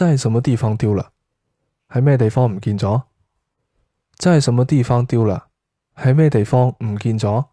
真係什麼地方丟啦？喺咩地方唔見咗？真係什麼地方丟啦？喺咩地方唔見咗？